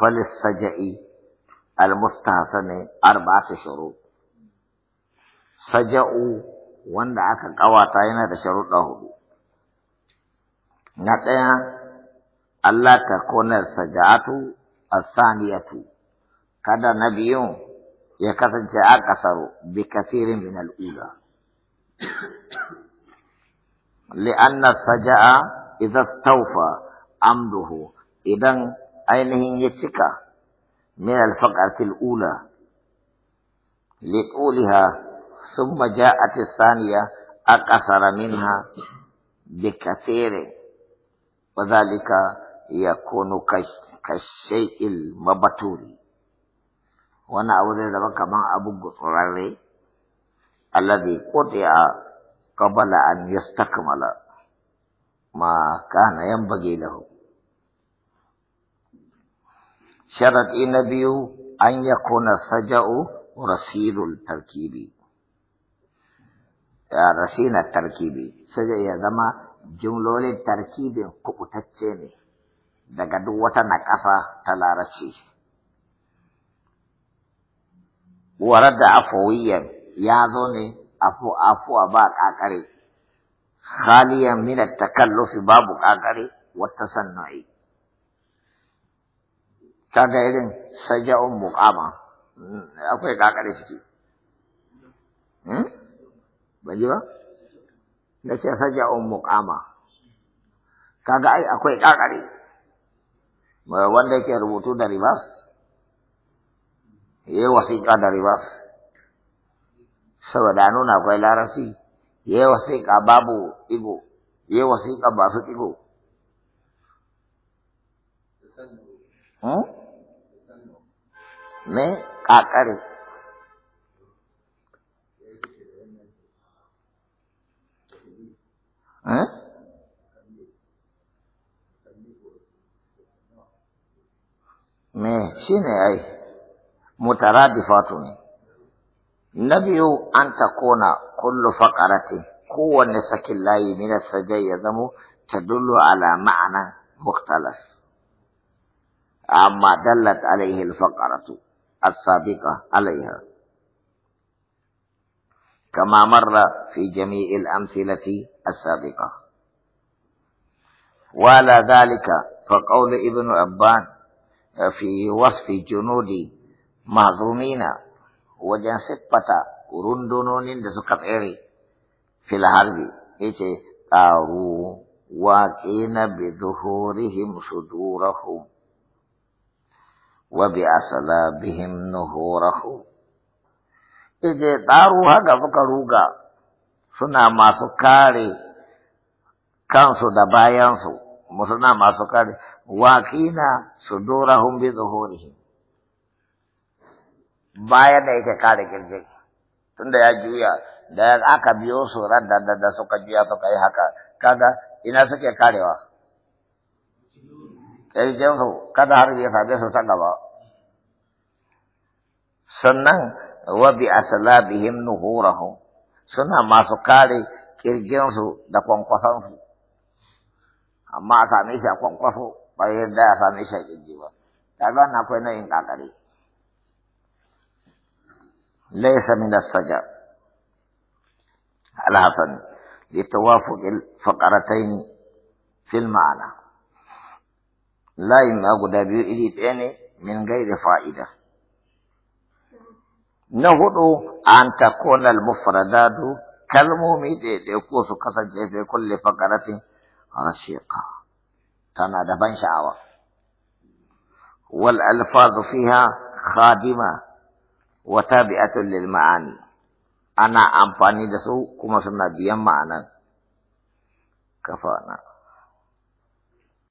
فلسجئی المستحسن اربع سے شروع سجعو وند آکا قواتا اینا دا شروع دا ہوگی نتیا اللہ کا کونر سجعاتو الثانیتو کدا نبیوں یا کسن چا آکا سرو بکثیر من الاولا لئن سجع اذا استوفا امدوہو ادن سجع ainihin ya cika min alfaqatil ula li quliha thumma ja'at athaniya aqsara minha bi kathiri wa dhalika yakunu kashay'il mabaturi wani abu zai zama kaman abu gutsurarre alladhi quti'a qabla an yastakmala ma kana yanbaghi lahu sharaɗi na biyu an ya kuna saja'u rasilul tarkibi rasinar tarkibi saja ya zama jumlolin tarkibin kubutacce ne daga duk wata naƙasa ta larabci warar da afowiyyar ya zo ne afu afuwa ba ƙaƙare khaliyan min takallufi babu ƙaƙare wata sanna'i kaga irin saja'un muqama akwai kakare ciki hmm? ba ji ba na ce saja'un muqama kaga ai akwai kakare wanda yake rubutu da ribas yayi wasiƙa da ribas saboda nuna akwai larasi yayi wasiƙa babu igo yayi wasiƙa ba su igo Hmm? me kakare eh? me shi ne ai mutaradifa ne na biyu an ta kona kullu faƙarati kowanne sakin layi mina sajai ya zamo ta dullu ala ma'ana muktalas amma dallat alaihi alfaqaratu السابقة عليها كما مر في جميع الأمثلة السابقة وعلى ذلك فقول ابن عبان في وصف جنود مهضومين وجن سبتا رندنون دسكتيري في الحرب إيش قاروا واقين بظهورهم صدورهم وبأصلابهم نهوره Ije ɗaro ga suka ruga suna masu kare kansu da bayansu suna masu kare waƙina su dorahun bi zuhurihim bayan da yake kare kirjin tunda ya juya da aka biyo su radda da suka juya suka yi haka kaga ina suke karewa ƙirjinsu kada har bai same su ta gaba sannan wa bi aslabihim nuhurahum suna masu kare ƙirjinsu da kwankwasansu amma a same shi a kwankwaso ba yadda a same shi a ƙirji ba ta ga na akwai nau'in ƙaƙare laisa min as-sajar al-hasan لتوافق الفقرتين fil المعنى لا يمكن يمغو دابيو إلي تاني من غير فائدة نهدو أن تكون المفردات كالمومي دي دي كوسو كسر جيفي كل فقرة رشيقة تانا دبان شعوة والألفاظ فيها خادمة وتابعة للمعاني أنا أمباني دسو كما سنة بيام معنا كفانا